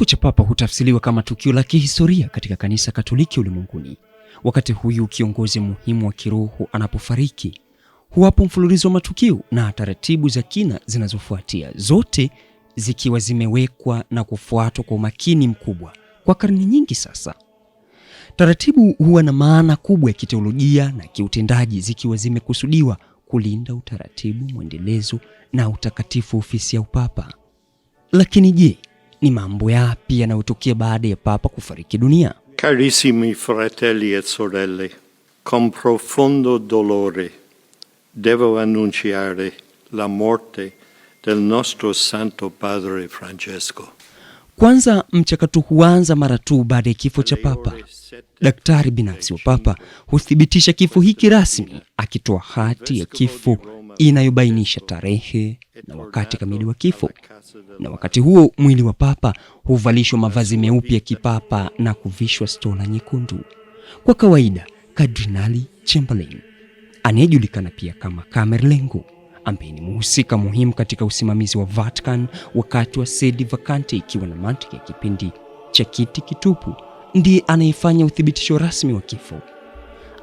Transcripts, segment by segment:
Kifo cha papa hutafsiriwa kama tukio la kihistoria katika kanisa Katoliki ulimwenguni. Wakati huyu kiongozi muhimu wa kiroho anapofariki, huwapo mfululizo wa matukio na taratibu za kina zinazofuatia, zote zikiwa zimewekwa na kufuatwa kwa umakini mkubwa. Kwa karne nyingi sasa, taratibu huwa na maana kubwa ya kiteolojia na kiutendaji, zikiwa zimekusudiwa kulinda utaratibu, mwendelezo na utakatifu ofisi ya upapa. Lakini je, ni mambo yapi yanayotokea baada ya Papa kufariki dunia? Carissimi fratelli e sorelle, con profondo dolore devo annunciare la morte del nostro santo padre Francesco. Kwanza, mchakato huanza mara tu baada ya kifo cha Papa. Daktari binafsi wa Papa huthibitisha kifo hiki rasmi, akitoa hati ya kifo inayobainisha tarehe na wakati kamili wa kifo, na wakati huo mwili wa papa huvalishwa mavazi meupe ya kipapa na kuvishwa stola nyekundu. Kwa kawaida, Kardinali Chamberlain anayejulikana pia kama Camerlengo, ambaye ni mhusika muhimu katika usimamizi wa Vatican wakati wa sedi vacante ikiwa na mantiki ya kipindi cha kiti kitupu, ndiye anayefanya uthibitisho rasmi wa kifo.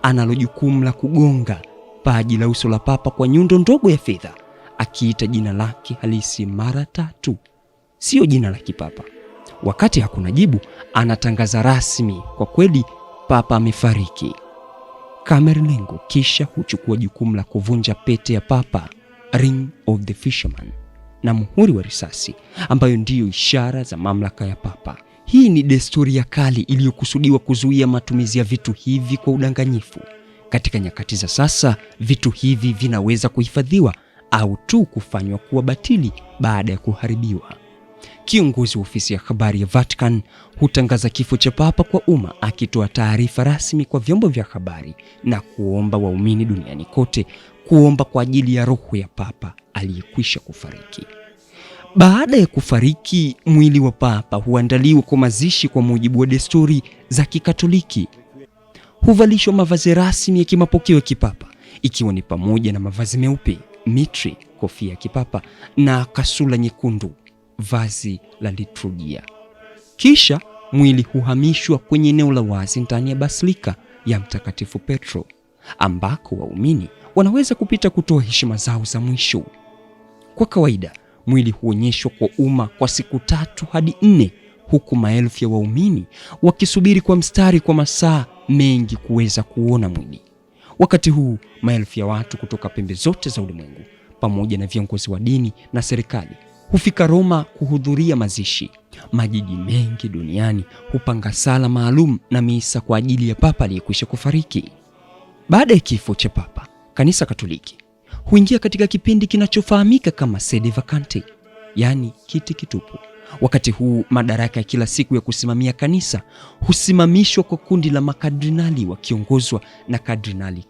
Analo jukumu la kugonga paji la uso la papa kwa nyundo ndogo ya fedha, akiita jina lake halisi mara tatu, siyo jina la kipapa. Wakati hakuna jibu, anatangaza rasmi, kwa kweli papa amefariki. Kamerlengo kisha huchukua jukumu la kuvunja pete ya papa, Ring of the Fisherman, na muhuri wa risasi ambayo ndiyo ishara za mamlaka ya papa. Hii ni desturi ya kale iliyokusudiwa kuzuia matumizi ya vitu hivi kwa udanganyifu. Katika nyakati za sasa, vitu hivi vinaweza kuhifadhiwa au tu kufanywa kuwa batili baada ya kuharibiwa. Kiongozi wa ofisi ya habari ya Vatican hutangaza kifo cha papa kwa umma, akitoa taarifa rasmi kwa vyombo vya habari na kuomba waumini duniani kote kuomba kwa ajili ya roho ya papa aliyekwisha kufariki. Baada ya kufariki, mwili wa papa huandaliwa kwa mazishi kwa mujibu wa desturi za Kikatoliki huvalishwa mavazi rasmi ya kimapokeo ya kipapa ikiwa ni pamoja na mavazi meupe, mitri, kofia ya kipapa na kasula nyekundu, vazi la liturujia. Kisha mwili huhamishwa kwenye eneo la wazi ndani ya basilika ya Mtakatifu Petro ambako waumini wanaweza kupita kutoa heshima zao za mwisho. Kwa kawaida mwili huonyeshwa kwa umma kwa siku tatu hadi nne, huku maelfu ya waumini wakisubiri kwa mstari kwa masaa mengi kuweza kuona mwili. Wakati huu maelfu ya watu kutoka pembe zote za ulimwengu pamoja na viongozi wa dini na serikali hufika Roma kuhudhuria mazishi. Majiji mengi duniani hupanga sala maalum na misa kwa ajili ya papa aliyekwisha kufariki. Baada ya kifo cha papa, kanisa Katoliki huingia katika kipindi kinachofahamika kama sede vacante, yaani kiti kitupu. Wakati huu madaraka ya kila siku ya kusimamia kanisa husimamishwa kwa kundi la makadrinali wakiongozwa na Kardinali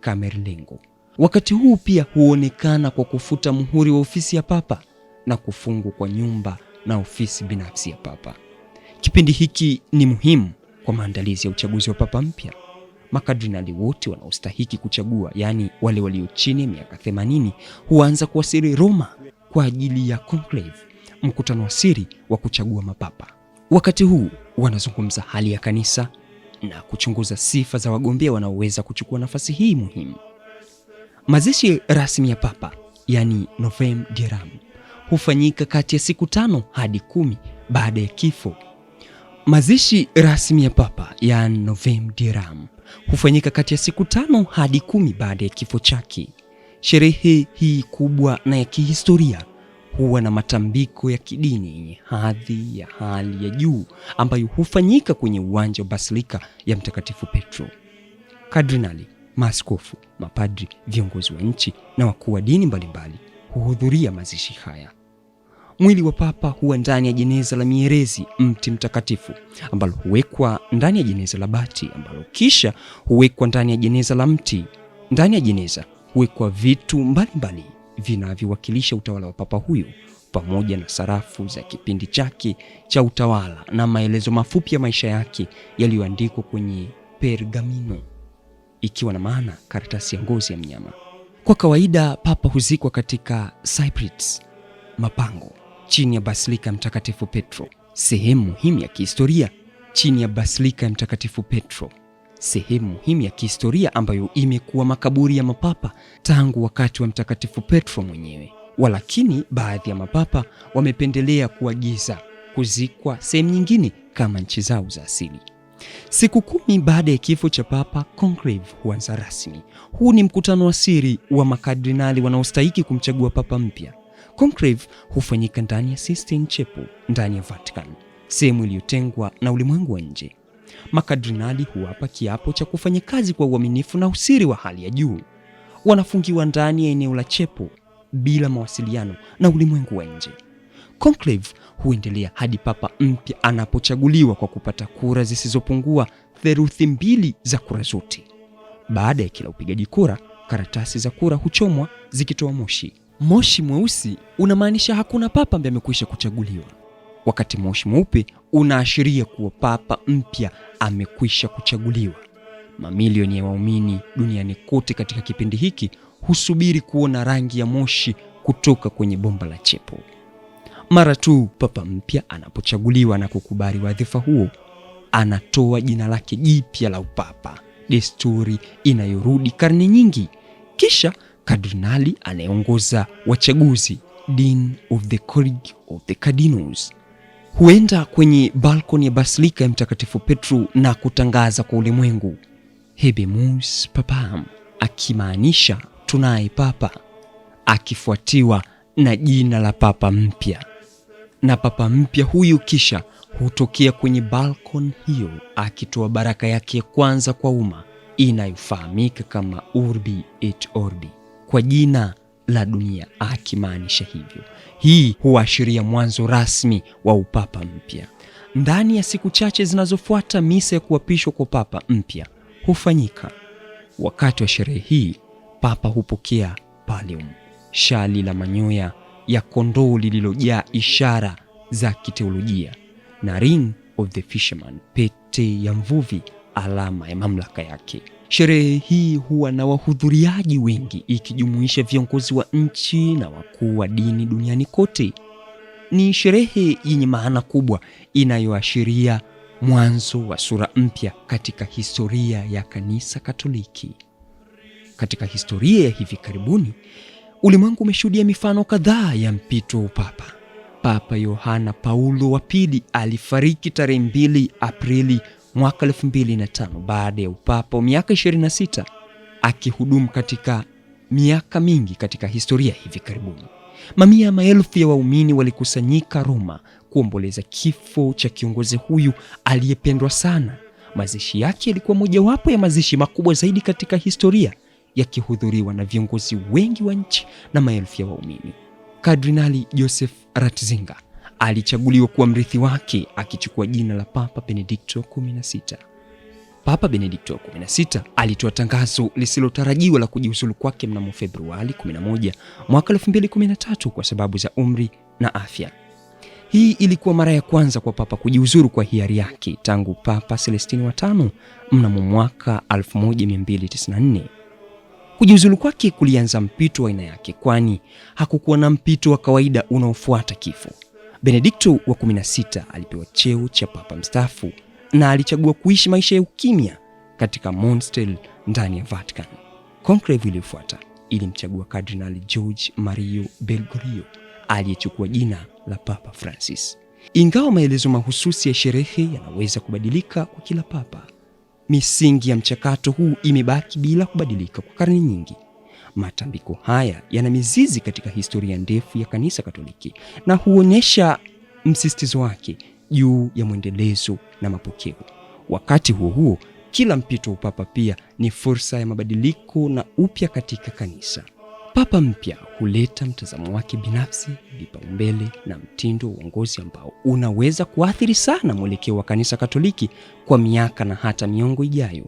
lengo Wakati huu pia huonekana kwa kufuta muhuri wa ofisi ya papa na kufungwa kwa nyumba na ofisi binafsi ya papa. Kipindi hiki ni muhimu kwa maandalizi ya uchaguzi wa papa mpya. makadrinali wote wanaostahiki kuchagua, yaani wale walio chini ya miaka 80, huanza kuwasili Roma kwa ajili ya conclave mkutano wa siri wa kuchagua mapapa. Wakati huu wanazungumza hali ya kanisa na kuchunguza sifa za wagombea wanaoweza kuchukua nafasi hii muhimu. Mazishi rasmi ya papa, yani Novem Diram, hufanyika kati ya siku tano hadi kumi baada ya kifo. Mazishi rasmi ya papa, yani Novem Diram, hufanyika kati ya siku tano hadi kumi baada ya kifo chake. Sherehe hii kubwa na ya kihistoria huwa na matambiko ya kidini yenye hadhi ya hali ya juu ambayo hufanyika kwenye uwanja wa basilika ya Mtakatifu Petro. Kardinali, maaskofu, mapadri, viongozi wa nchi na wakuu wa dini mbalimbali huhudhuria mazishi haya. Mwili wa papa huwa ndani ya jeneza la mierezi, mti mtakatifu, ambalo huwekwa ndani ya jeneza la bati, ambalo kisha huwekwa ndani ya jeneza la mti. Ndani ya jeneza huwekwa vitu mbalimbali mbali vinavyowakilisha utawala wa papa huyo pamoja na sarafu za kipindi chake cha utawala na maelezo mafupi ya maisha yake yaliyoandikwa kwenye pergamino, ikiwa na maana karatasi ya ngozi ya mnyama. Kwa kawaida papa huzikwa katika Cyprus, mapango chini ya basilika ya Mtakatifu Petro, sehemu muhimu ya kihistoria chini ya basilika ya Mtakatifu Petro sehemu muhimu ya kihistoria ambayo imekuwa makaburi ya mapapa tangu wakati wa Mtakatifu Petro mwenyewe. Walakini, baadhi ya mapapa wamependelea kuagiza kuzikwa sehemu nyingine kama nchi zao za asili. Siku kumi baada ya kifo cha Papa, conclave huanza rasmi. Huu ni mkutano wa siri wa makardinali wanaostahiki kumchagua papa mpya. Conclave hufanyika ndani ya Sistine Chapel ndani ya Vatican, sehemu iliyotengwa na ulimwengu wa nje. Makadrinali huwapa kiapo cha kufanya kazi kwa uaminifu na usiri wa hali ya juu. Wanafungiwa ndani ya eneo la chepo bila mawasiliano na ulimwengu wa nje. Conclave huendelea hadi papa mpya anapochaguliwa kwa kupata kura zisizopungua theluthi mbili za kura zote. Baada ya kila upigaji kura, karatasi za kura huchomwa zikitoa moshi. Moshi mweusi unamaanisha hakuna papa ambaye amekwisha kuchaguliwa wakati moshi mweupe unaashiria kuwa papa mpya amekwisha kuchaguliwa. Mamilioni ya waumini duniani kote katika kipindi hiki husubiri kuona rangi ya moshi kutoka kwenye bomba la chepo. Mara tu papa mpya anapochaguliwa na kukubali wadhifa huo, anatoa jina lake jipya la upapa, desturi inayorudi karne nyingi. Kisha kardinali anayeongoza wachaguzi, Dean of the College of the Cardinals, huenda kwenye balkoni ya basilika ya Mtakatifu Petro na kutangaza kwa ulimwengu Habemus Papam, akimaanisha tunaye papa, akifuatiwa na jina la papa mpya. Na papa mpya huyu kisha hutokea kwenye balkon hiyo akitoa baraka yake ya kwanza kwa umma inayofahamika kama Urbi et Orbi, kwa jina la dunia, akimaanisha hivyo. Hii huashiria mwanzo rasmi wa upapa mpya. Ndani ya siku chache zinazofuata, misa ya kuapishwa kwa papa mpya hufanyika. Wakati wa sherehe hii, papa hupokea pallium, shali la manyoya ya kondoo lililojaa ishara za kiteolojia na ring of the fisherman, pete ya mvuvi, alama ya mamlaka yake. Sherehe hii huwa na wahudhuriaji wengi ikijumuisha viongozi wa nchi na wakuu wa dini duniani kote. Ni sherehe yenye maana kubwa inayoashiria mwanzo wa sura mpya katika historia ya Kanisa Katoliki. Katika historia ya hivi karibuni, ulimwengu umeshuhudia mifano kadhaa ya mpito wa upapa. Papa Yohana Paulo wa Pili alifariki tarehe 2 Aprili mwaka 2005 baada ya upapa wa miaka 26 akihudumu katika miaka mingi katika historia hivi karibuni. Mamia ya maelfu ya waumini walikusanyika Roma kuomboleza kifo cha kiongozi huyu aliyependwa sana. Mazishi yake yalikuwa mojawapo ya mazishi makubwa zaidi katika historia, yakihudhuriwa na viongozi wengi wa nchi na maelfu ya waumini. Kardinali Joseph Ratzinger alichaguliwa kuwa mrithi wake akichukua jina la Papa Benedikto 16. Papa Benedikto 16 alitoa tangazo lisilotarajiwa la kujiuzulu kwake mnamo Februari 11 mwaka 2013 kwa sababu za umri na afya. Hii ilikuwa mara ya kwanza kwa Papa kujiuzuru kwa hiari yake tangu Papa Celestini wa tano mnamo mwaka 1294. Kujiuzulu kwake kulianza mpito wa aina yake, kwani hakukuwa na mpito wa kawaida unaofuata kifo. Benedikto wa 16 alipewa cheo cha papa mstaafu na alichagua kuishi maisha ya ukimya katika monstel ndani ya Vatican. Conclave iliyofuata ilimchagua cardinal George Mario Bergoglio aliyechukua jina la Papa Francis. Ingawa maelezo mahususi ya sherehe yanaweza kubadilika kwa kila papa, misingi ya mchakato huu imebaki bila kubadilika kwa karne nyingi. Matambiko haya yana mizizi katika historia ndefu ya Kanisa Katoliki na huonyesha msisitizo wake juu ya mwendelezo na mapokeo. Wakati huo huo, kila mpito wa upapa pia ni fursa ya mabadiliko na upya katika kanisa. Papa mpya huleta mtazamo wake binafsi, vipaumbele na mtindo wa uongozi ambao unaweza kuathiri sana mwelekeo wa Kanisa Katoliki kwa miaka na hata miongo ijayo.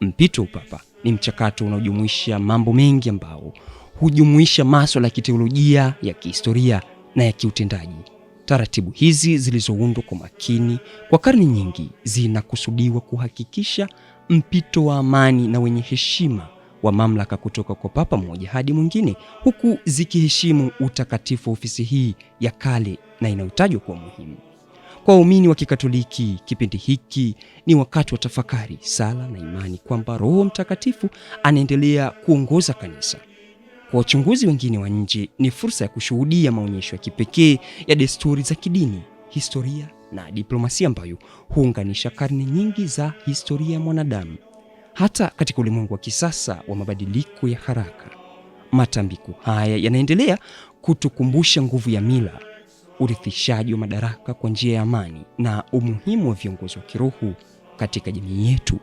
Mpito wa upapa ni mchakato unaojumuisha mambo mengi ambao hujumuisha maswala ya kiteolojia, ya kihistoria na ya kiutendaji. Taratibu hizi zilizoundwa kwa makini kwa karne nyingi zinakusudiwa kuhakikisha mpito wa amani na wenye heshima wa mamlaka kutoka kwa papa mmoja hadi mwingine, huku zikiheshimu utakatifu wa ofisi hii ya kale na inayotajwa kuwa muhimu. Kwa waumini wa Kikatoliki, kipindi hiki ni wakati wa tafakari, sala na imani kwamba Roho Mtakatifu anaendelea kuongoza kanisa. Kwa wachunguzi wengine wa nje, ni fursa ya kushuhudia maonyesho ya kipekee ya desturi za kidini, historia na diplomasia ambayo huunganisha karne nyingi za historia ya mwanadamu. Hata katika ulimwengu wa kisasa wa mabadiliko ya haraka, matambiko haya yanaendelea kutukumbusha nguvu ya mila urithishaji wa madaraka kwa njia ya amani na umuhimu wa viongozi wa kiroho katika jamii yetu.